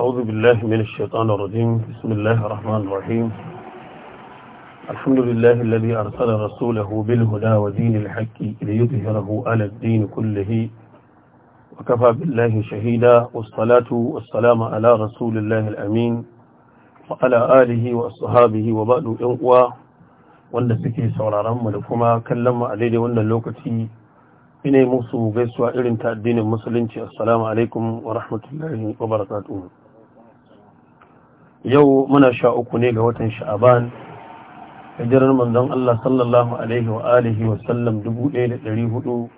أعوذ بالله من الشيطان الرجيم بسم الله الرحمن الرحيم الحمد لله الذي أرسل رسوله بالهدى ودين الحق ليظهره على الدين كله وكفى بالله شهيدا والصلاة والسلام على رسول الله الأمين وعلى آله وأصحابه وبعد إنقوى wanda suke sauraron رحمة da kuma kallon mu اللوكتي daidai wannan lokaci ina musu gaisuwa irin ta addinin musulunci assalamu yau muna sha uku ne ga watan sha'aban hijirar manzon Allah sallallahu alaihi wa alihi wa sallam 1442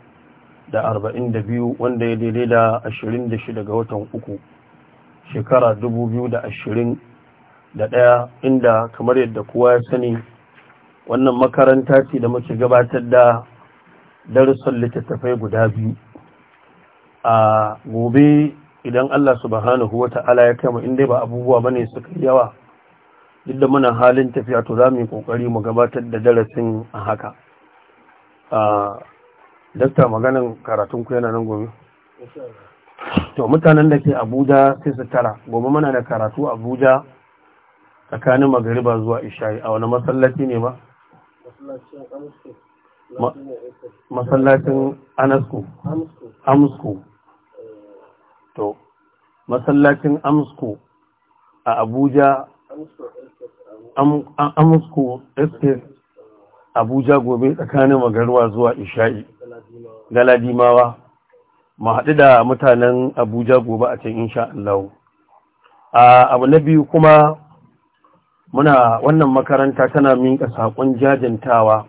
wanda ya daidai da shida ga watan uku shekara da ɗaya, inda kamar yadda kowa ya sani wannan makaranta ce da muke gabatar da darussan littattafai guda biyu a gobe idan Allah subhanahu wa ta'ala ya kama in dai ba abubuwa bane suka yawa duk da muna halin tafiya to za mu yi kokari mu gabatar da darasin a haka dakta maganin karatun ku yana nan gobe to mutanen da ke abuja sai su tara gobe muna da karatu abuja tsakanin magariba zuwa isha'i a wani masallaci ne ba masallacin Anasku. Amsku. to masallacin amsku a abuja amsku estes abuja gobe tsakanin magarwa zuwa isha'i galadimawa mu haɗu da mutanen abuja gobe a can insha Allah abu na biyu kuma muna wannan makaranta tana minka saƙon jajantawa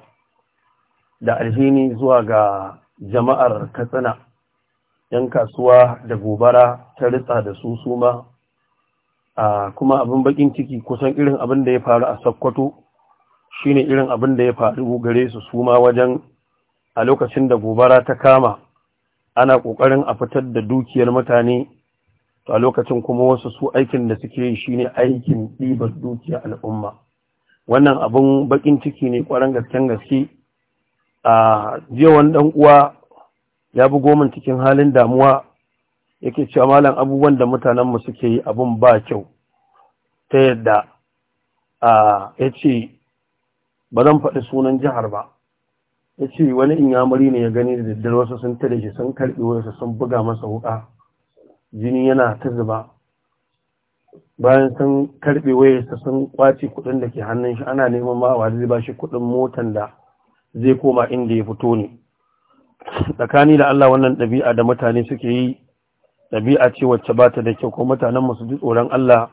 da alhini zuwa ga jama'ar katsina 'yan kasuwa da gobara ta ritsa da su suma kuma abin bakin ciki kusan irin abin da ya faru a sakkwato shine irin abin da ya faru gare su suma wajen a lokacin da gobara ta kama ana ƙoƙarin a fitar da dukiyar mutane To a lokacin kuma wasu su aikin da suke yi shine aikin ɗibar dukiyar al'umma wannan abin bakin ciki ne kwarin gasken gaske a jiya wani ɗan uwa ya bugo min cikin halin damuwa yake cewa malam abubuwan da mutanen mu suke yi abun ba kyau ta yadda ya ce ba zan faɗi sunan jihar ba ya ce wani inyamuri ne ya gani da daddare wasu sun tare shi sun karɓi wasu sun buga masa wuka jini yana ta zuba bayan sun karɓe wayarsa sun kwace kuɗin da ke hannun shi ana neman ma wa zai ba shi kuɗin motan da zai koma inda ya fito ne tsakani da Allah wannan ɗabi'a da mutane suke yi ɗabi'a ce wacce ba ta da kyau ko mutanen masu ji tsoron Allah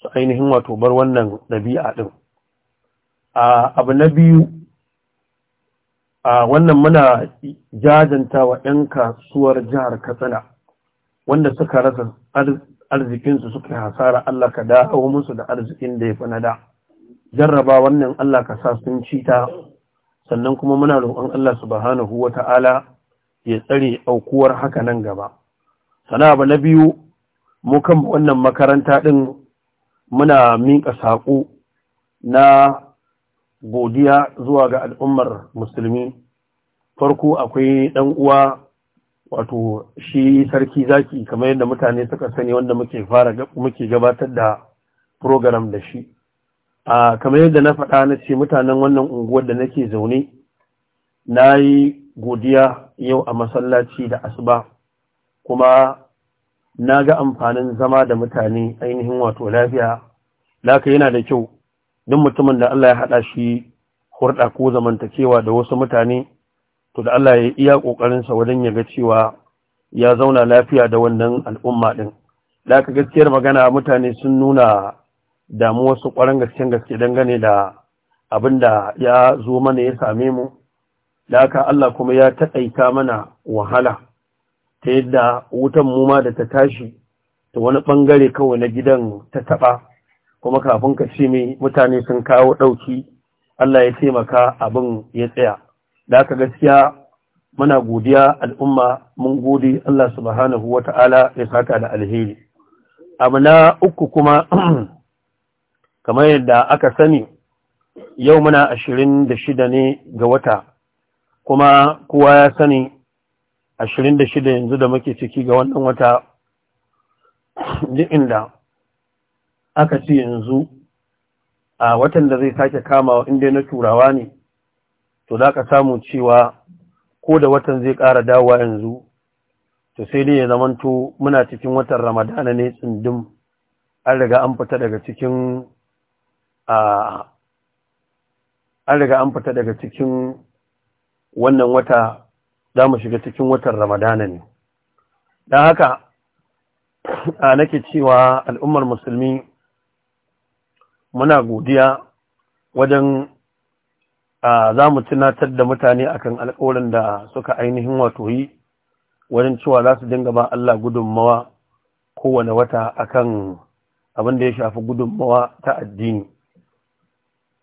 su ainihin wato bar wannan ɗabi'a ɗin abu na biyu a wannan muna jajanta wa 'yan kasuwar jihar katsina wanda suka rasa arzikinsu suka hasara Allah ka dawo musu da arzikin da ya fi na da jarraba wannan Allah ka sa sun ci sannan kuma muna roƙon Allah subhanahu wata'ala ya tsare aukuwar haka nan gaba sana ba na biyu mu kan wannan makaranta din muna miƙa saƙo na godiya zuwa ga al'ummar musulmi farko akwai ɗan uwa wato shi sarki zaki kamar yadda mutane suka sani wanda muke muke gabatar da program da shi a kamar yadda na faɗa na ce mutanen wannan unguwar da nake zaune na yi godiya yau a masallaci da asuba kuma na ga amfanin zama da mutane ainihin wato lafiya laka yana da kyau Don mutumin da Allah ya haɗa shi hurɗa ko zamantakewa da wasu mutane to da Allah ya iya ƙoƙarinsa wajen ya ga cewa ya zauna lafiya da wannan al'umma ɗin. Da aka gaskiyar magana mutane sun nuna Damu wasu ƙwarar gaske gaske gane da abin da ya zo mana ya same mu da aka Allah kuma ya taƙaita mana wahala ta yadda wutan muma da ta tashi ta wani ɓangare kawai na gidan ta taɓa kuma kafin ka ce mai mutane sun kawo ɗauki Allah ya taimaka abin ya tsaya da aka gaskiya muna godiya al'umma mun gode Allah subhanahu Ta'ala, ya saka da alheri abu na uku kuma kamar yadda aka sani yau muna ashirin da shida ne ga wata kuma kowa ya sani ashirin da shida yanzu da muke ciki ga wannan wata inda aka ci yanzu a watan da zai sake kamawa inda na turawa ne to za ka samu cewa ko da watan zai kara dawowa yanzu to sai dai ya zamanto muna cikin watan ramadana ne tsindin an riga an fita daga cikin a an riga an fita daga cikin wannan wata za mu shiga cikin watan ramadana ne don haka a nake cewa al'ummar musulmi muna godiya wajen za mu tunatar da mutane akan alkawarin da suka ainihin wato yi wajen cewa za su dinga ba Allah gudunmawa kowane wata akan abin da ya shafi gudunmawa ta addini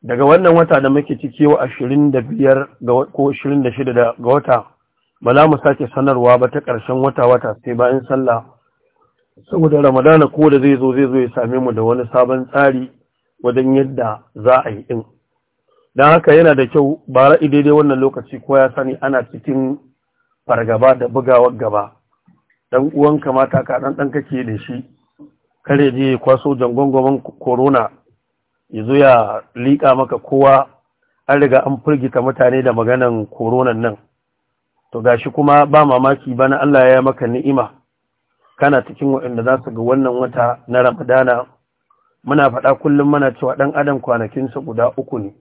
daga wannan wata da muke ciki wa 25 ko 26 ga wata ba za mu sake sanarwa ba ta ƙarshen wata-wata sai bayan sallah saboda ramadana ko da zai zo zai zo ya same mu da wani sabon tsari wajen yadda za a yi ɗin don haka yana da kyau ba ra'i daidai wannan lokaci ko ya sani ana cikin fargaba da bugawar gaba Dan uwanka mata ka ɗan dan kake da shi kare je kwaso jangon corona ya zo ya liƙa maka kowa an riga an firgita mutane da maganan koronan nan to ga shi kuma ba mamaki ba na Allah ya maka ni'ima kana cikin waɗanda za su ga wannan wata na ramadana muna faɗa kullum mana cewa ɗan adam kwanakinsa guda uku ne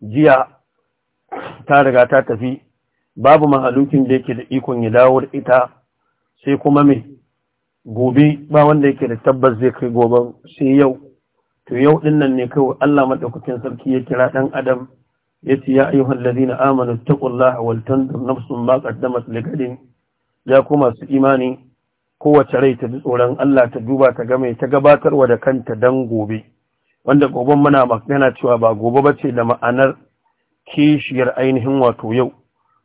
jiya ta riga ta tafi babu mahalukin da yake da ikon ya dawo da ita sai kuma mai gobe ba wanda yake da tabbas zai kai goben sai yau to yau din nan ne kawai Allah madaukakin sarki ya kira dan adam ya ce ya ayyuhal ladina amanu taqullaha wal tanzur nafsun ma qaddamat ligadin ya kuma su imani kowace rai ta ji tsoron Allah ta duba ta ga mai ta gabatarwa da kanta dan gobe wanda goban muna magana cewa ba gobe bace da ma'anar kishiyar ainihin wato yau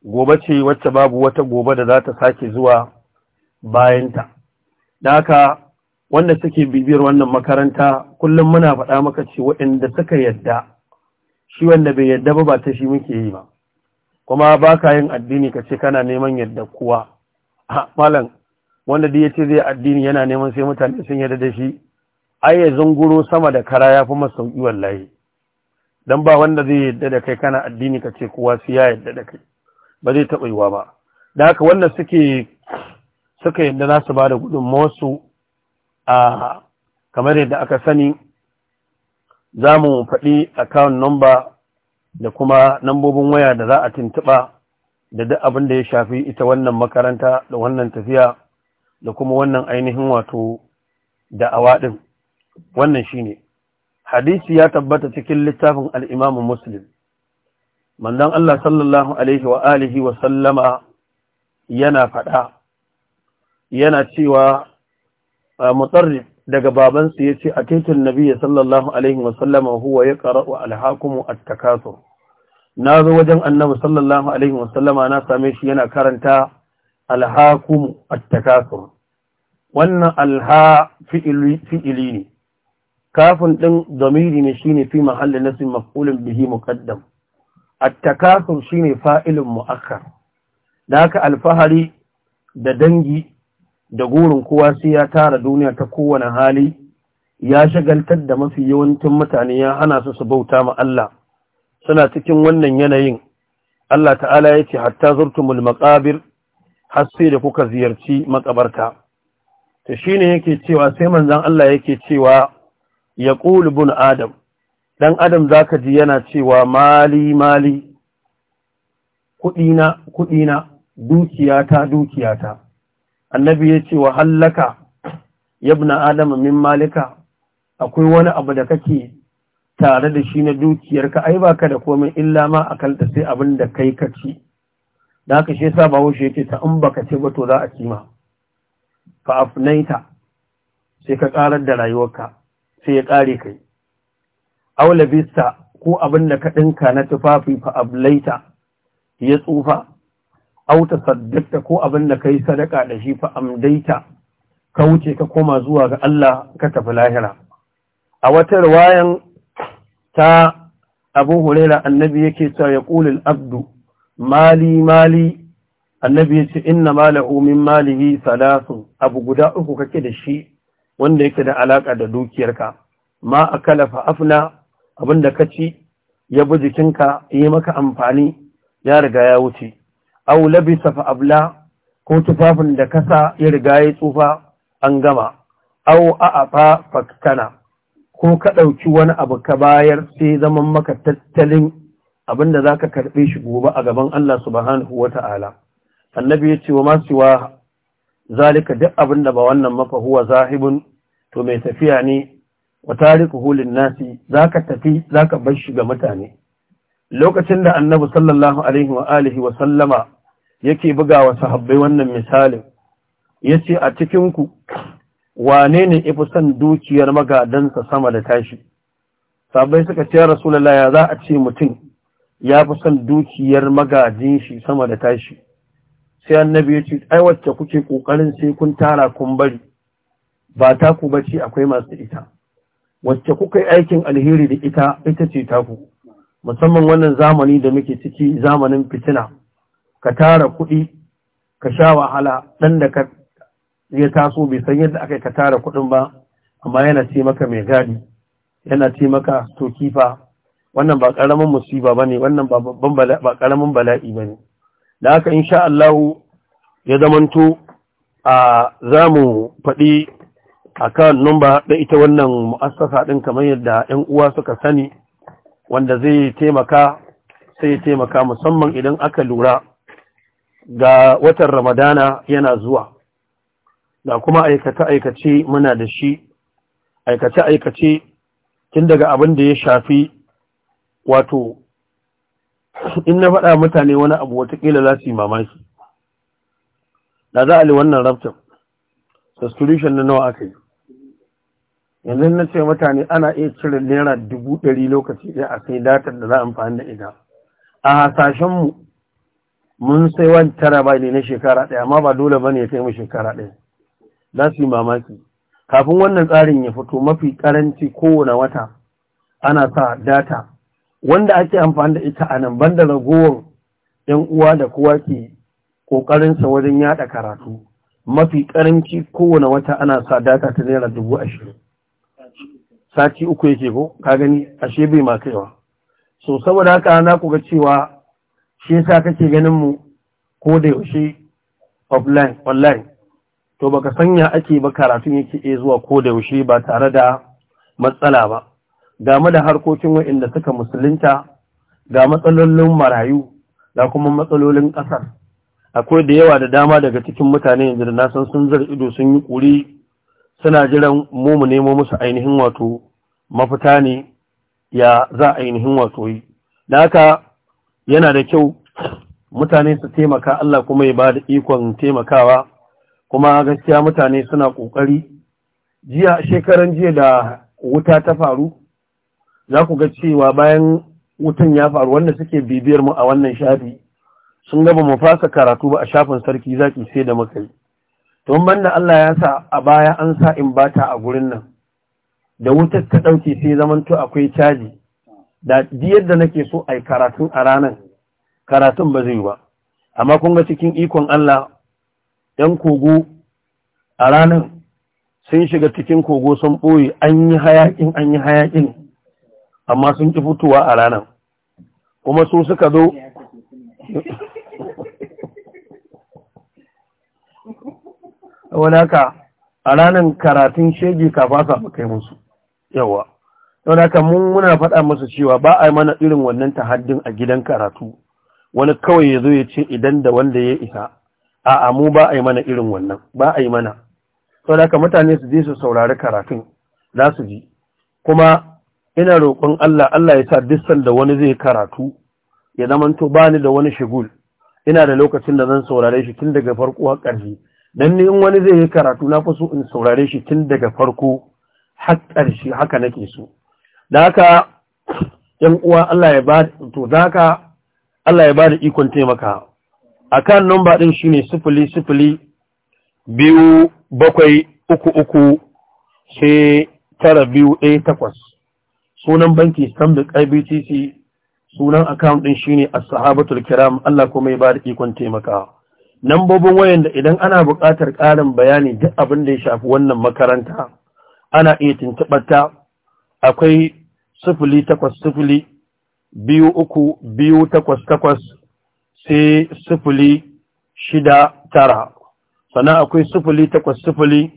gobe ce wacce babu wata gobe da za ta sake zuwa bayanta da haka wanda suke bibiyar wannan makaranta kullum muna faɗa maka ce waɗanda suka yadda shi wanda bai yadda ba ba ta shi muke yi ba kuma ba ka yin addini ka ce kana neman yadda kuwa malam wanda da ya ce zai addini yana neman sai mutane sun yadda da shi ai ya zunguro sama da kara ya fi masauki wallahi dan ba wanda zai yadda da kai kana addini ka ce kuwa su ya yadda da kai ba zai taɓa yiwa ba da haka wanda suke suka yadda za su ba da gudunmawarsu a kamar yadda aka sani za mu faɗi account number da kuma nambobin waya da za a tuntuɓa da duk abin da ya shafi ita wannan makaranta da wannan tafiya da kuma wannan ainihin wato da awaɗin wannan shi ne. hadisi ya tabbata cikin littafin al'imamin muslim manzon Allah sallallahu alaihi wa alihi wa sallama yana faɗa yana cewa mutarrif daga babansu ya ce a titin nabiya sallallahu alaihi wasallama huwa ya ƙara'u alhakumu a takasur na zo wajen annabi sallallahu alaihi wasallama na same shi yana karanta alhakumu a takasur wannan alha fi'ili ne kafin ɗin zamiri ne shine fi mahallin nasi maf'ulin bihi muqaddam at-takasur shine fa'ilin mu'akkar da haka alfahari da dangi da gurin kowa sai ya tara duniya ta kowane hali ya shagaltar da mafi yawancin mutane ya hana su su bauta ma Allah suna cikin wannan yanayin Allah ta'ala ya ce hatta zurtumul maqabir har sai da kuka ziyarci makabarta to shine yake cewa sai manzon Allah yake cewa yaqul ibn adam dan adam zaka ji yana cewa mali mali kudina kudina dukiyata dukiyata annabi ya ce wa hallaka yabna adama min malika akwai wani abu da kake tare da shi na dukiyarka ai baka da komai illa ma ta sai abin da kai ka ci da haka shi yasa bawo shi yake ta in baka ce ba to za a ci ma fa afnaita sai ka karar da rayuwarka sai ya kare kai aula bista ko abin da ka dinka na tufafi fa ablaita ya tsufa au tasaddaqta ko abin da kai sadaka da shi fa amdaita ka wuce ka koma zuwa ga Allah ka tafi lahira a wata riwayan ta Abu Huraira annabi yake cewa ya qulul abdu mali mali annabi yace inna malahu min malihi salasu abu guda uku kake da shi wanda yake da alaka da dukiyarka ma akala fa afna abinda ci ya bi jikinka yi maka amfani ya riga ya wuce aw labisa fa abla ko tufafin da kasa ya riga ya tsufa an gama aw a'afa faktana ko ka ɗauki wani abu ka bayar sai zaman maka tattalin abin da zaka karɓe shi gobe a gaban Allah subhanahu wata'ala annabi ya ce wa masu siwa zalika duk abinda ba wannan mafa huwa zahibun to mai tafiya ne wa tarikuhu nasi zaka tafi zaka bar shi ga mutane lokacin da annabi sallallahu alaihi wa alihi wa sallama yake buga wa sahabbai wannan misalin ya ce a cikinku wane ne ifi son dukiyar magadansa sama da tashi sahabbai suka ce rasulallah ya za a ce mutum ya fi son dukiyar magajin shi sama da tashi sai annabi ya ce ai wacce kuke kokarin sai kun tara kun bari ba ta ku bace akwai masu ita wacce kuka yi aikin alheri da ita ita ce taku musamman wannan zamani da muke ciki zamanin fitina ka tara kuɗi ka sha wahala ɗan da ka ya taso bai san yadda aka yi ka tara kuɗin ba amma yana ce maka mai gadi yana ce maka to kifa wannan ba ƙaramin musiba ba ne wannan ba ƙaramin bala'i ba ne da haka insha Allah ya zamanto a za mu faɗi a kan numba da ita wannan mu'assasa ɗin kamar yadda 'yan uwa suka sani wanda zai taimaka sai taimaka musamman idan aka lura ga watan ramadana yana zuwa da kuma aikace-aikace muna da shi aikace-aikace tun daga abin da ya shafi wato in na faɗa mutane wani abu watakila za su yi mamaki da za a li wannan rabtar subscription na nawa aka yi yanzu na ce mutane ana iya cire naira dubu ɗari lokaci ɗaya a sai datar da za a amfani da ita a hasashenmu mun sai wani tara ba ne na shekara ɗaya amma ba dole ba ne ya kai mu shekara ɗaya za su yi mamaki kafin wannan tsarin ya fito mafi karanci kowane wata ana sa data wanda ake amfani da ita a nan banda ragowar ‘yan uwa da kowa ke ƙoƙarinsa wajen yada karatu mafi karanci kowane wata ana sa data ta naira dubu ashirin sati uku yake ko ka gani ashe bai ma kaiwa so saboda haka na ku ga cewa shi yasa kake ganin mu ko da yaushe offline online to baka sanya ake ba karatun yake iya zuwa ko da yaushe ba tare da matsala ba game da harkokin wa'inda suka musulunta ga matsalolin marayu da kuma matsalolin ƙasar akwai da yawa da dama daga cikin mutane yanzu da nasan sun zar ido sun yi kuri suna jiran mu mu nemo musu ainihin wato mafita ne ya za ainihin wato yi da haka yana da kyau mutane su taimaka Allah kuma ya ba da ikon taimakawa kuma gaskiya mutane suna ƙoƙari jiya shekaran jiya da wuta ta faru za ku ga cewa bayan wutan ya faru wanda suke bibiyar mu a wannan shafi sun gaba mu fasa karatu ba a shafin sarki za zaki sai da makai don banda Allah ya sa a baya an sa in bata a gurin nan da wutar ta ɗauke sai zamanto akwai caji da yadda nake so a yi karatun a ranar karatun ba zai yi ba amma kun ga cikin ikon Allah ‘yan kogo a ranar sun shiga cikin kogo sun ɓoye an yi hayaƙin an yi hayaƙin amma sun ƙi fitowa a ranar kuma su suka zo wadaka a ranar karatun shege ka fasa kai musu yawa don haka mun muna faɗa masa cewa ba a mana irin wannan tahaddin a gidan karatu wani kawai ya zo ya ce idan da wanda ya isa a mu ba a yi mana irin wannan ba a yi mana sau da mutane su je su saurari karatun za su ji kuma ina roƙon Allah Allah ya sa distan da wani zai karatu ya zamanto ba ni da wani shigul ina da lokacin da zan saurare shi tun daga farko har ƙarshe dan ni in wani zai yi karatu na fi so in saurare shi tun daga farko har ƙarshe haka nake so da ‘yan uwa Allah ya ba to da Allah ya ba da ikon taimaka a kan nomba ɗin shi ne sifili sifili biyu bakwai uku uku sai tara biyu ɗaya takwas sunan banki stanbic ibtc sunan account ɗin shine ne a sahabatul kiram Allah kuma ya ba da ikon taimaka nambobin wayan da idan ana buƙatar ƙarin bayani duk abin da ya shafi wannan makaranta ana iya tuntuɓar ta akwai sifili takwas sifili biyu uku biyu takwas takwas sai sifili shida tara sannan akwai sifili takwas sifili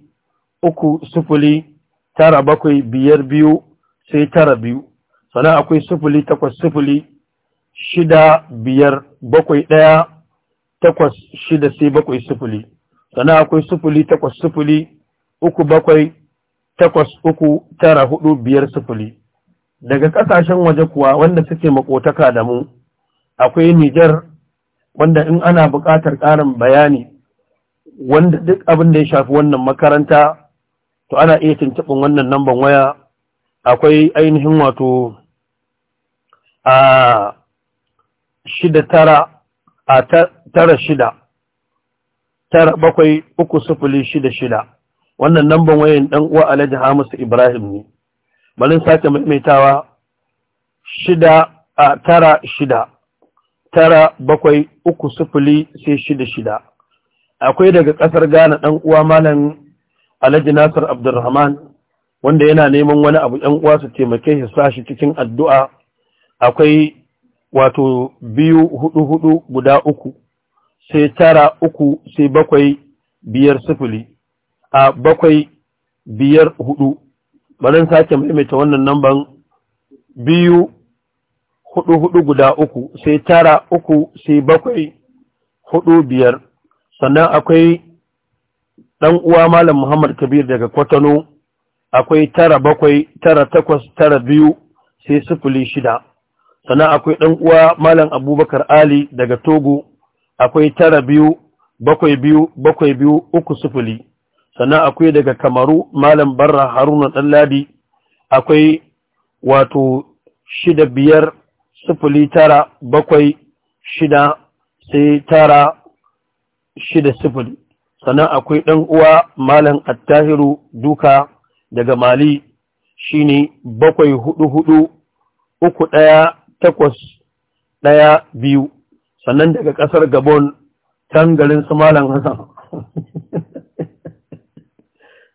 uku sifili tara bakwai biyar biyu sai tara biyu sannan akwai sifili takwas sifili shida biyar bakwai ɗaya takwas shida sai bakwai sifili sannan akwai sifili takwas sifili uku bakwai takwas uku tara hudu biyar sifili daga kasashen waje kuwa wanda suke makotaka da mu akwai Nijar wanda in ana buƙatar ƙarin bayani wanda duk abin da ya shafi wannan makaranta to ana iya tuntuɓin wannan namban waya akwai ainihin wato a shida tara a tara shida tara bakwai uku sufuli shida shida wannan namban wayan ɗan uwa alhaji hamisu ibrahim ne balin sake maimaitawa shida a tara shida tara bakwai uku sufuli sai shida shida akwai daga ƙasar Ghana ɗan uwa malam Alhaji Nasir Abdulrahman wanda yana neman wani abu ɗan uwa su taimake shi sashi cikin addu'a akwai wato biyu hudu hudu guda uku sai tara uku sai bakwai biyar sufuli a bakwai biyar hudu barin sake maimaita wannan namban biyu hudu hudu guda uku sai tara uku sai bakwai hudu biyar sannan akwai dan uwa malam muhammad kabir daga kwatano akwai tara bakwai tara takwas tara biyu sai sifili shida sannan akwai dan uwa malam abubakar ali daga togo akwai tara biyu bakwai biyu bakwai biyu uku sifili sannan akwai daga kamaru malam barra haruna ɗanladi akwai wato shida biyar sifili tara bakwai shida sai tara shida sifili sannan akwai ɗan uwa malam attahiru duka daga mali shine bakwai hudu hudu uku ɗaya takwas ɗaya biyu sannan daga ƙasar gabon tangarin su malam hassan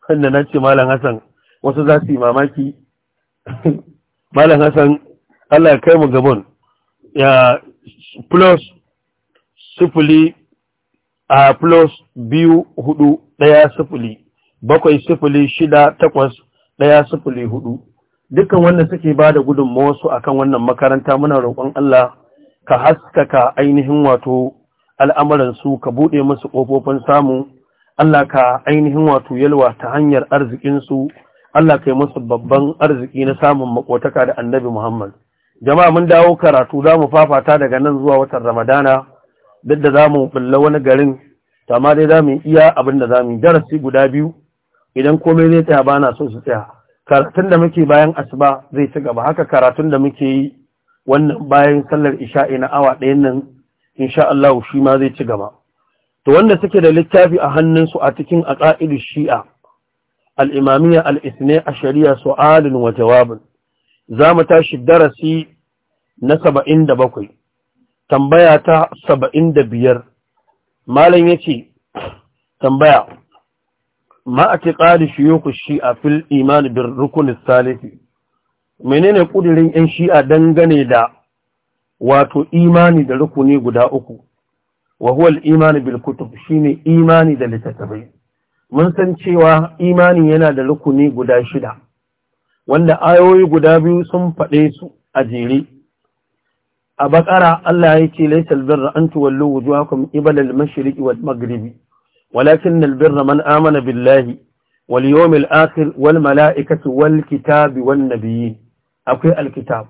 kan na ce malam hassan wasu za su yi mamaki malam hassan allah ya kai mu gabon ya plus sufuli a plus biyu hudu daya sufuli, bakwai sufuli shida takwas daya sifili hudu dukkan wannan suke ba da su a kan wannan makaranta muna roƙon allah ka haskaka ainihin wato al'amuransu ka buɗe musu ƙofofin samu Allah ka ainihin wato yalwa ta hanyar arzikinsu Allah ka yi musu babban arziki na samun makotaka da annabi Muhammad jama'a mun dawo karatu za mu fafata daga nan zuwa watan Ramadana duk da za mu bulla wani garin ma dai za mu iya abin da za mu darasi guda biyu idan komai zai tsaya ba na so su tsaya karatun da muke bayan asuba zai ci gaba haka karatun da muke yi wannan bayan sallar isha'i na awa ɗayan nan insha Allah shi ma zai ci gaba to wanda suke da littafi a hannunsu a cikin aqaidu shi'a al-imamiyya al-ithna ashariya su'alun wa za mu tashi darasi na 77 tambaya ta 75 malam yace tambaya ma atiqadi ku shi'a fil iman bir rukun as menene kudirin yan shi'a dangane da wato imani da rukuni guda uku wa huwa al-iman bil kutub shine imani da littattafai mun san cewa imani yana da rukuni guda shida wanda ayoyi guda biyu sun faɗe su a jere a bakara Allah ya ce laysal birra an tuwallu wujuhakum qibala al-mashriqi wal maghribi walakin al-birra man amana billahi wal yawmil akhir wal mala'ikati wal kitabi wan nabiyyi akwai al-kitab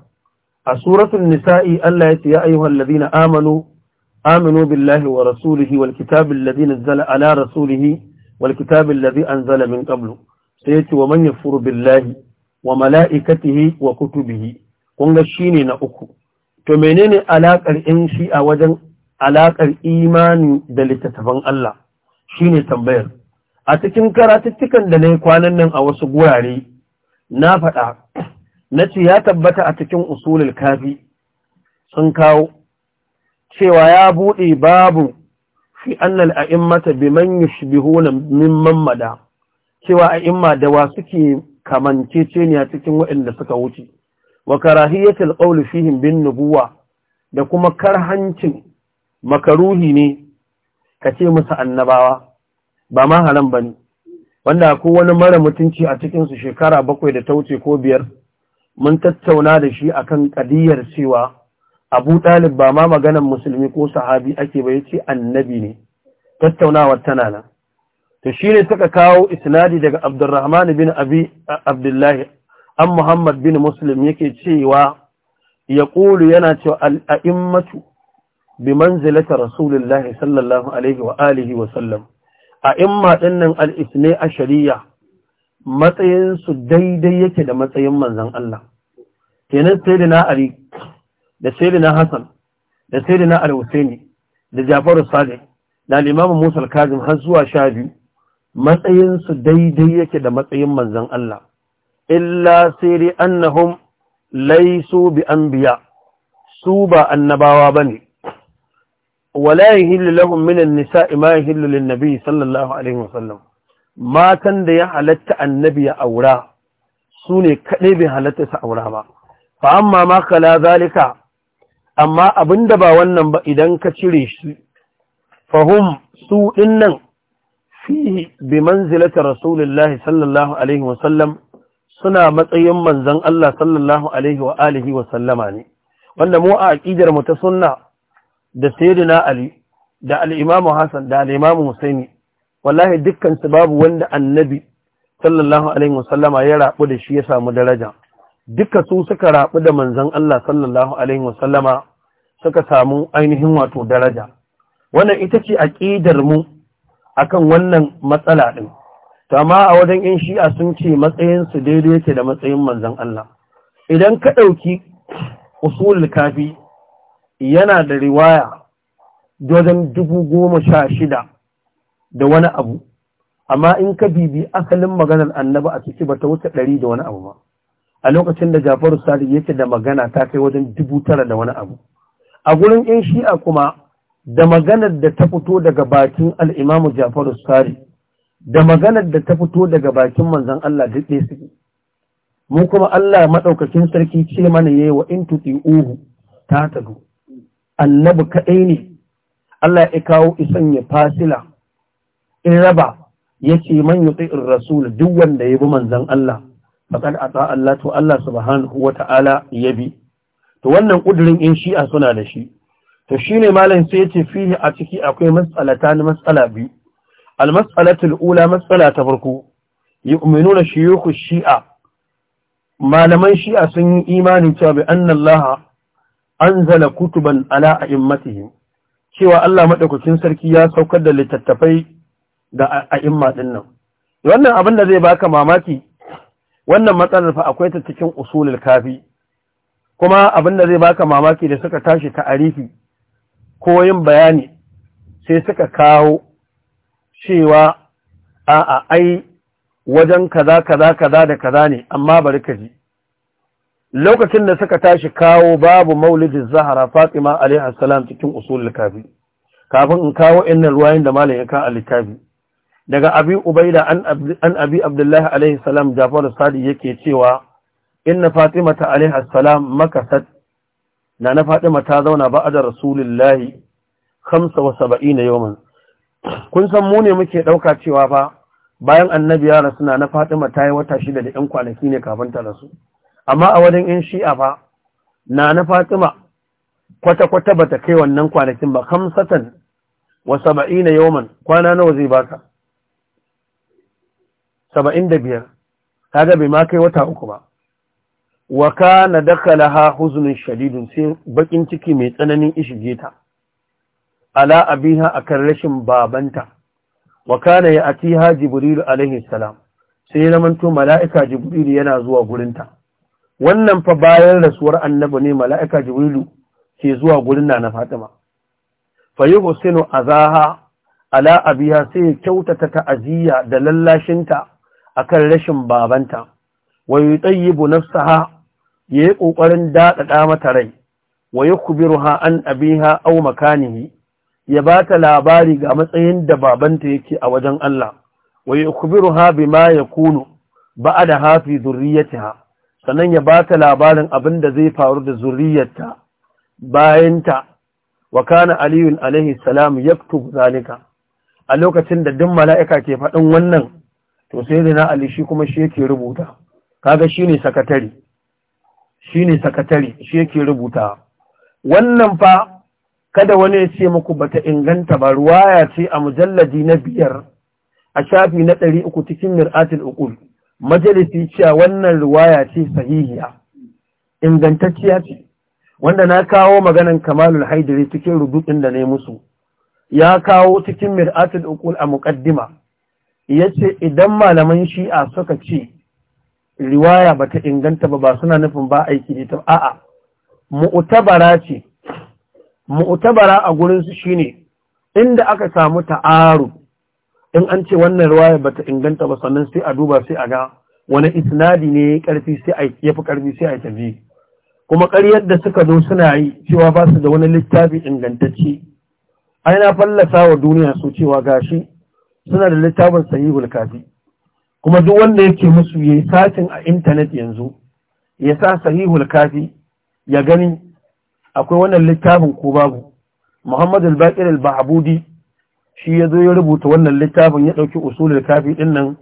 a suratul nisa'i Allah ya ce ya ayyuhal ladina amanu آمنوا بالله ورسوله والكتاب الذي نزل على رسوله والكتاب الذي أنزل من قبله سيأتي ومن يفر بالله وملائكته وكتبه kunga shine na uku to menene alakar in shi a wajen alakar imani da littattafan Allah shine tambayar a cikin karatuttukan da nayi kwanan nan a wasu gurare na faɗa nace ya tabbata a cikin usulul kafi sun kawo cewa ya buɗe babu fi annal a'immata biman yushbihuna mimman mada cewa a'imma da wa suke kamanceceniya cikin waɗanda suka wuce wa karahiyatul qawli fihim bin nubuwa da kuma karhancin makaruhi ne Ka ce musu annabawa ba ma haram bane wanda ko wani mara mutunci a cikin su shekara bakwai da ta wuce ko biyar mun tattauna da shi akan kadiyar cewa abu ɗalib ba ma maganan musulmi ko sahabi ake bai ce annabi ne tattaunawar tana nan to shi ne suka kawo isnadi daga abdurrahman bin abi abdullahi an muhammad bin muslim yake cewa ya ƙulu yana cewa al'a'immatu bi manzilata rasulullahi sallallahu alaihi wa alihi wa sallam a'imma ɗinnan al'isne a shari'a matsayinsu daidai yake da matsayin manzan Allah kenan sai da ari. da sayyidina Hassan da sayyidina Al-Husaini da Jafaru Salih da Imam Musa Al-Kazim har zuwa sha biyu matsayin su daidai yake da matsayin manzon Allah illa sirri annahum laisu bi anbiya su ba annabawa bane wala yahillu lahum min an-nisa'i ma yahillu lin-nabi sallallahu alaihi wasallam matan da ya halatta annabi ya aura su ne kaɗai bai halatta su aura ba fa amma ma kala zalika amma abin da ba wannan ba idan ka cire shi fahim su ɗin nan, fi bi manzilata rasulullahi sallallahu alaihi wasallam suna matsayin manzan Allah sallallahu alaihi wa alihi wa ne wanda mu a aƙidar mu ta sunna da sayyidina ali da al-imam hasan da al-imam husaini wallahi dukkan su babu wanda annabi sallallahu alaihi wa sallama ya rabu da shi ya samu daraja duka su suka rabu da manzon Allah sallallahu alaihi wasallama suka samu ainihin wato daraja wannan ita ce aqidar mu akan wannan matsala din to amma a wajen yan shi'a sun ce matsayin su daidai yake da matsayin manzon Allah idan ka ɗauki usulul kafi yana da riwaya wajen dubu goma sha shida da wani abu amma in ka bibi asalin maganar annabi a ciki ba ta wuce ɗari da wani abu ba a lokacin da Jafaru Sadiq yake da magana ta kai wajen dubu tara da wani abu a gurin yan shi'a kuma da maganar da ta fito daga bakin al'imamu Jafaru Sadiq da maganar da ta fito daga bakin manzon Allah duk ɗaya suke mu kuma Allah maɗaukakin sarki ce mana yayi wa in uhu, ta tagu. annabi kaɗai ne Allah ya kawo isan ya fasila in raba Ya ce man yuti'ir rasul duk wanda ya bi manzon Allah a ata Allah to Allah subhanahu ya bi. to wannan kudirin in shi'a suna da shi to shine malam sai yace fihi a ciki akwai matsalata ni mas'ala bi al mas'alatul ula matsala ta farko shi shuyukhu shi'a malaman shi'a sun yi imani cewa bi anna Allah anzala kutuban ala a'immatihim cewa Allah madaukakin sarki ya saukar da littattafai da imma din nan wannan abin da zai baka mamaki wannan matsalar fa akwai ta cikin usulul kafi kuma abin da zai baka mamaki da suka tashi ta'arifi ko yin bayani sai suka kawo cewa A A ai wajen kaza kaza kaza da kaza ne amma bari ka ji lokacin da suka tashi kawo babu maulidin zahara fatima alaihi assalam cikin usulul kafi kafin in kawo innal ruwayin da malam ya ka alikafi daga abi ubaida an abi abdullahi alaihi salam jafar sadi yake cewa inna ta alaihi salam makasat na na fatima ta zauna ba a da rasulullahi 75 yawman kun san mu ne muke dauka cewa fa bayan annabi ya rasu na na fatima ta yi wata shida da 'yan kwanaki ne kafin ta rasu amma a wajen 'yan shi'a fa na na fatima kwata-kwata bata kai wannan kwanakin ba kamsatan wa kwana nawa zai baka saba'in da biyar kaga bai ma kai wata uku ba wa kana dakalaha huznun shadidun sai bakin ciki mai tsananin ishige ta ala abiha akan rashin babanta wa kana ya atiha jibril alaihi salam sai ya zamanto mala'ika jibril yana zuwa gurinta wannan fa bayan rasuwar annabi ne mala'ika jibrilu ke zuwa gurin na fatima fayi yi azaha ala abiha sai ya kyautata ta'aziyya da lallashinta akan rashin babanta wa yutayyibu nafsaha yayi kokarin daɗaɗa mata rai wa yukhbiruha an abiha aw makanihi ya bata labari ga matsayin da babanta yake a wajen Allah wa yukhbiruha bima yakunu ba'da hafi zurriyatiha sannan ya bata labarin abin da zai faru da zurriyarta bayanta wa kana aliyun alaihi salam yaktub zalika a lokacin da duk mala'ika ke faɗin wannan to sai da na ali shi kuma shi yake rubuta kaga shi ne sakatari shi ne sakatare shi yake rubuta wannan fa kada wani ya ce muku bata inganta ba ruwaya ce a mujalladi na biyar a shafi na ɗari uku cikin mir'atul uqul majalisi cewa wannan ruwaya ce sahihiya ingantacciya ce wanda na kawo maganan kamalul haidari cikin rubutun da na yi musu ya kawo cikin mir'atul uqul a muqaddima ya ce idan malaman shi'a suka ce riwaya ba ta inganta ba ba suna nufin ba aiki da ta a'a mu'utabara ce Mu'utabara a gurinsu shine inda aka samu ta'aru in an ce wannan riwaya ba ta inganta ba sannan sai a duba sai a ga wani isnadi ne karfi sai ya fi karfi sai a tabi kuma ƙaryar da suka zo suna yi cewa ba su da wani littafi ingantacce ai na fallasa wa duniya su cewa gashi suna da littafin sahihul kafi kuma duk wanda yake musu yayi satin a intanet yanzu ya sa sahihul kafi ya gani akwai wannan littafin ko babu Muhammad al-Baqir al-Bahbudi shi ya zo ya rubuta wannan littafin ya dauki usulul kafi din nan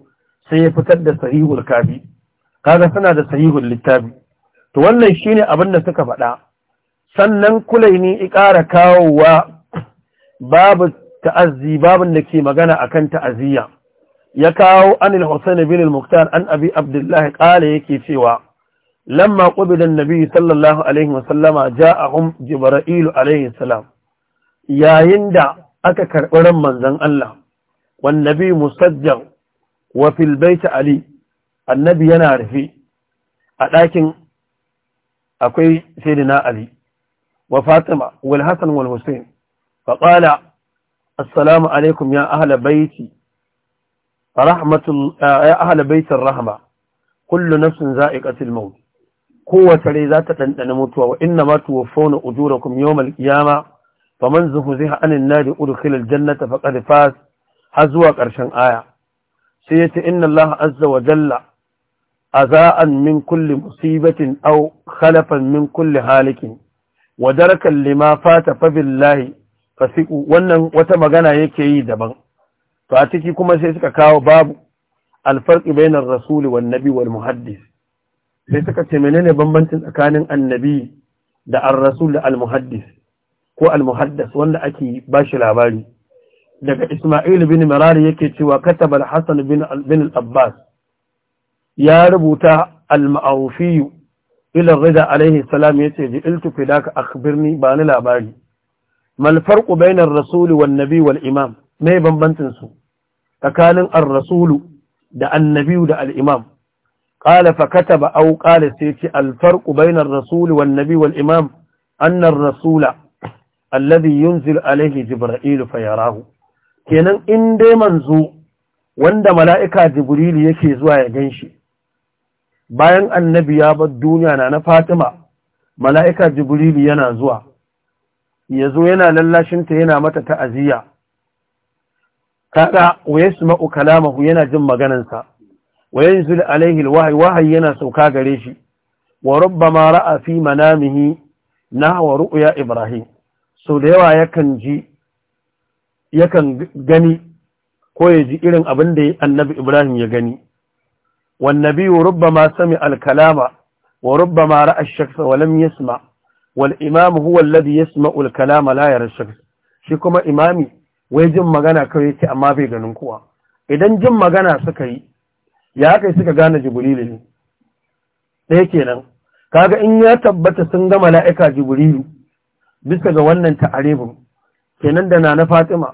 sai ya fitar da sahihul kafi kaga suna da sahihul littafi to wannan shine abin da suka faɗa sannan kulaini iƙara kawowa babu ta'azzi babin da ke magana a kan ta'aziyya ya kawo anil Husayn bin al-Muqtar an Abi Abdullahi qala yake cewa lamma qubida nabi sallallahu alaihi wa sallama ja'ahum Jibra'ilu alaihi salam yayin da aka karɓi ran manzon Allah wan nabi musajjar wa fil ali annabi yana rufe a ɗakin akwai sayyidina Ali wa Fatima wal Hasan wal Hussein assalamu alaikum ya ahla baiti rahmatul ya ahla baitir rahma kullu nafsin maut kowace rai za ta dandana mutuwa wa inna ma tuwaffawna ujurakum yawmal qiyama faman zuhziha anin nari udkhila aljannata faqad faz har zuwa ƙarshen aya sai yace inna Allah azza wa jalla aza'an min kulli musibatin aw khalafan min kulli halikin wa darakan lima fata fa billahi fasiku wannan wata magana yake yi daban to a ciki kuma sai suka kawo babu alfarqi bainar rasuli wan nabi wal muhaddis sai suka ce menene bambancin tsakanin annabi da ar-rasul da al-muhaddis ko al-muhaddas wanda ake bashi labari daga Isma'il bin Mirari yake cewa katabal Hassan bin al-Abbas ya rubuta al-ma'awfi ila rida alaihi salam yace ji iltu fidaka akhbirni ba ni labari mal farqu bainar rasul wan nabi wal imam bambancin su tsakanin ar da annabi da al-imam qala fa kataba aw qala sai ce al bainar rasul wan nabi wal imam anna rasula alladhi yunzil alayhi Jibra'ilu, fa yarahu kenan in dai manzo wanda mala'ika jibrilu yake zuwa ya ganshi bayan annabi ya bar duniya na na fatima mala'ika jibrilu yana zuwa ya zo yana lallashinta yana mata ta'aziyya kaga wa yasma'u kalamahu yana jin maganansa wa yanzil alaihi alwahyi wahayi yana sauka gare shi wa rubbama ra'a fi manamihi wa ru'ya ibrahim so da yawa yakan ji yakan gani ko ya ji irin abin da annabi ibrahim ya gani wan nabiyyu rubbama sami alkalama wa rubbama ra'a ash wa lam yasma' wal imamu huwa alladhi yasma'u al kalama la yara shi kuma imami wai jin magana kawai yake amma bai ganin kowa idan jin magana suka yi ya kai suka gane jibrilu ne ɗaya kenan kaga in ya tabbata sun ga mala'ika jibrilu bisa ga wannan ta'arifin kenan da na fatima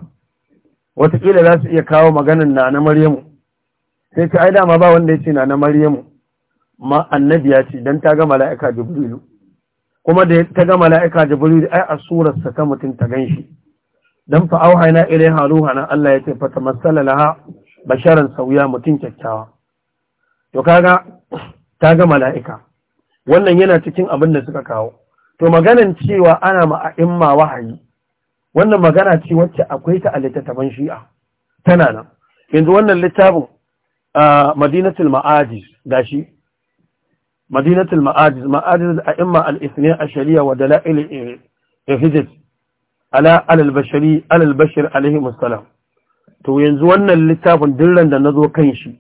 watakila za su iya kawo maganin na na maryamu sai ta ai dama ba wanda ya ce na na maryamu ma annabiya ce don ta ga mala'ika jibrilu kuma da ta ga mala'ika jibril ai a surarsa ta mutum ta gan shi don fa auhaina ilaiha hana Allah ya ce fa tamassala laha basharan sauya mutum kyakkyawa to kaga ta gama la'ika. wannan yana cikin abin da suka kawo to maganan cewa ana ma'a'imma wahayi wannan magana ce wacce akwai ta a littattafan shi'a tana nan yanzu wannan littafin a ah, madinatul ma'aji gashi madinatul ma'ajiz ma'ajiz a'imma al-ithniya ashariya wa dala'il ihjaz ala al-bashari al-bashir alaihi to yanzu wannan littafin dirran na zo kan shi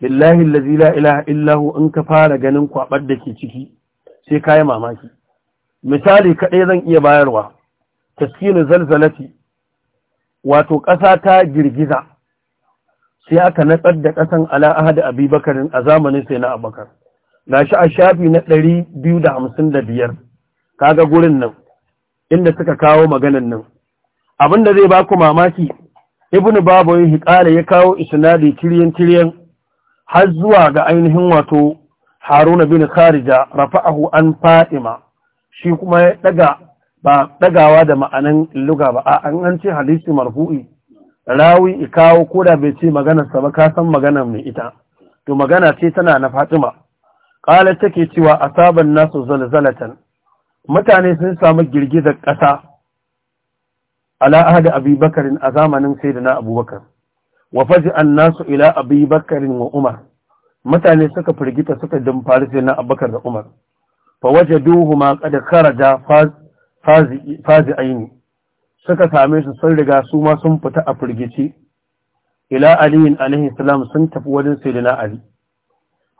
billahi allazi la ilaha illa in ka fara ganin kwabar da ke ciki sai kai mamaki misali kaɗai zan iya bayarwa taskinu zalzalati wato ƙasa ta girgiza sai aka natsar da ƙasan ala ahad abubakarin a zamanin sai na abubakar gashi a shafi na ɗari biyu da hamsin da biyar kaga gurin nan inda suka kawo maganan nan abin da zai ba ku mamaki ibn babu yin hikala ya kawo isnadi kiryan kiryan har zuwa ga ainihin wato haruna bin kharija rafa'ahu an fatima shi kuma ya daga ba ɗagawa da ma'anan luga ba a an an ce hadisi marfu'i rawi ikawo koda bai ce maganar sa ba ka san maganar mai ita to magana ce tana na fatima ƙala take cewa a saban nasu zalzalatan mutane sun samu girgizar ƙasa ala ahada abubakarin a zamanin sai da na abubakar wa faji an nasu ila abubakarin wa umar mutane suka firgita suka dumfari sai na abubakar da umar fa waje duhu ma kada karaja fazi aini suka same su sun riga su ma sun fita a firgici ila aliyin alaihi salam sun tafi wajen sai da na ali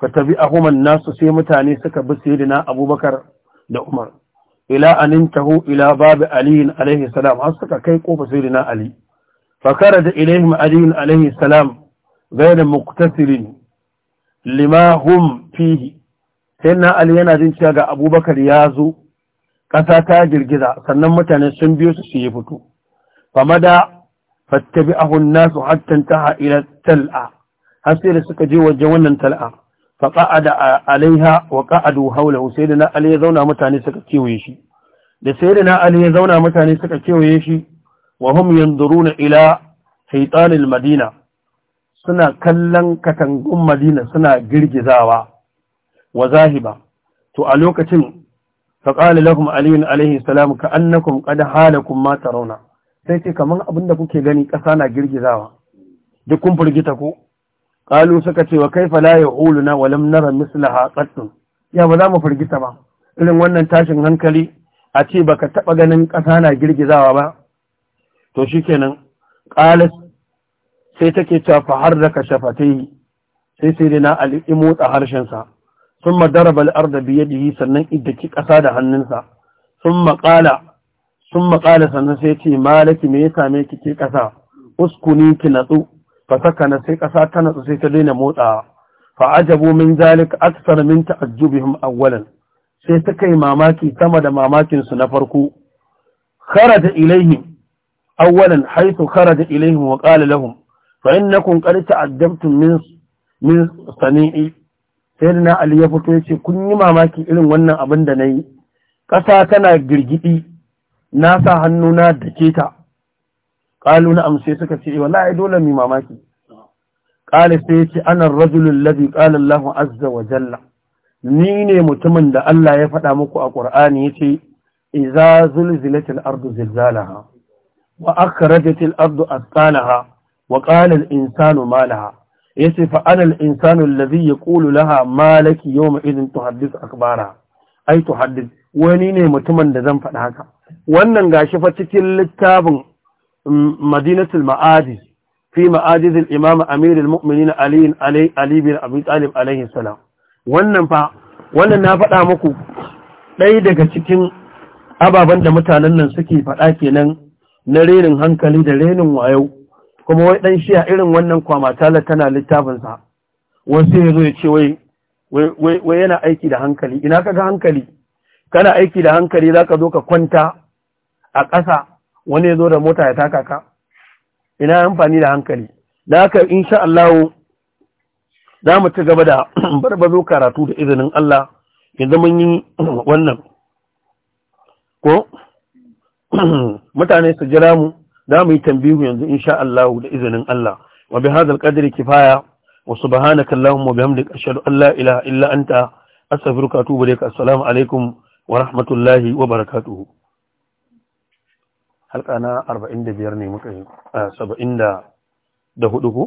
fatabi ahuman nasu sai mutane suka bi sayyidina abubakar da umar ila anintahu ila babu aliyin alaihi salam har suka kai kofa sayyidina ali fakara da ilaihim aliyin alaihi salam gaira muktasirin lima hum fihi na ali yana jin cewa ga abubakar ya zo ƙasa ta girgiza sannan mutane sun biyo su yi fito famada fattabi ahun nasu hatta ila tal'a har sai da suka je wajen wannan tal'a fa qa'ada alaiha wa ƙa'adu hawlahu sayyidina ali ya zauna mutane suka kewaye shi da na ali ya zauna mutane suka kewaye shi wa hum na ila haytanil madina suna kallon katangun madina suna girgizawa wa zahiba to a lokacin fa qala lahum ali alaihi salam ka annakum qad halakum ma rauna, sai ce kaman abinda kuke gani ƙasa na girgizawa duk kun furgita ko ƙalu suka ce wa kaifa la ya'uluna wa lam nara mislaha qattun ya ba za mu firgita ba irin wannan tashin hankali a ce baka taɓa ganin ƙasa na girgizawa ba to shikenan Ƙalas sai take cewa fa ka shafatai sai sai na al'i motsa harshen sa ثم sannan da بيده سنن إدكي قصاد Sun sannan sannan sai malaki me ya ya same ke ƙasa. uskuni ki natsu fasakana sai ƙasa ta natsu sai ta daina motsawa fa ajabu min zalika aksar min ta'ajjubihim awwalan sai ta kai mamaki sama da mamakin su na farko kharaja ilaihim awwalan haythu kharaja ilaihim wa qala lahum fa innakum qad ta'ajjabtum min min sani'i sayyidina ali ya fito yace kun yi mamaki irin wannan abin da nayi ƙasa tana girgidi na sa hannuna da keta. ta qalu na amsai suka ce eh, wallahi dole mu mamaki qala sai ya ce ana ar-rajulu alladhi qala Allahu jalla ni ne mutumin da Allah ya faɗa muku a Ƙur'ani yace idza zulzilatil ardu zilzalaha wa akhrajatil ardu athqalaha wa qala al-insanu ma laha yace fa ana al-insanu alladhi yaqulu laha malaki yawma idin tuhaddith akhbaraha ai tuhaddith wani ne mutumin da zan faɗa haka wannan gashi fa cikin littafin madinatul ma'adi fi ma'adizil imam amirul mu'minin ali ali bin abi wannan na faɗa muku ɗaya daga cikin ababen da mutanen nan suke faɗa kenan na renin hankali da renin wayo kuma wai ɗan shiya irin wannan kwama, kwamatala tana littafinsa wasu ya zo ya ce wai yana aiki da hankali ina kaga hankali kana aiki da hankali za ka zo ka kwanta a ƙasa wani ya zo da mota ya taka ka ina amfani da hankali da haka insha Allah za mu ci gaba da barbazo karatu da izinin Allah yanzu mun yi wannan ko mutane su jira mu za mu yi tambihu yanzu insha Allah da izinin Allah wa bi hadal qadri kifaya wa subhanaka allahumma bihamdika ashhadu an la ilaha illa anta astaghfiruka wa atubu ilaik assalamu alaikum wa rahmatullahi wa barakatuh halka na 45 ne muka yi 74 eh, ko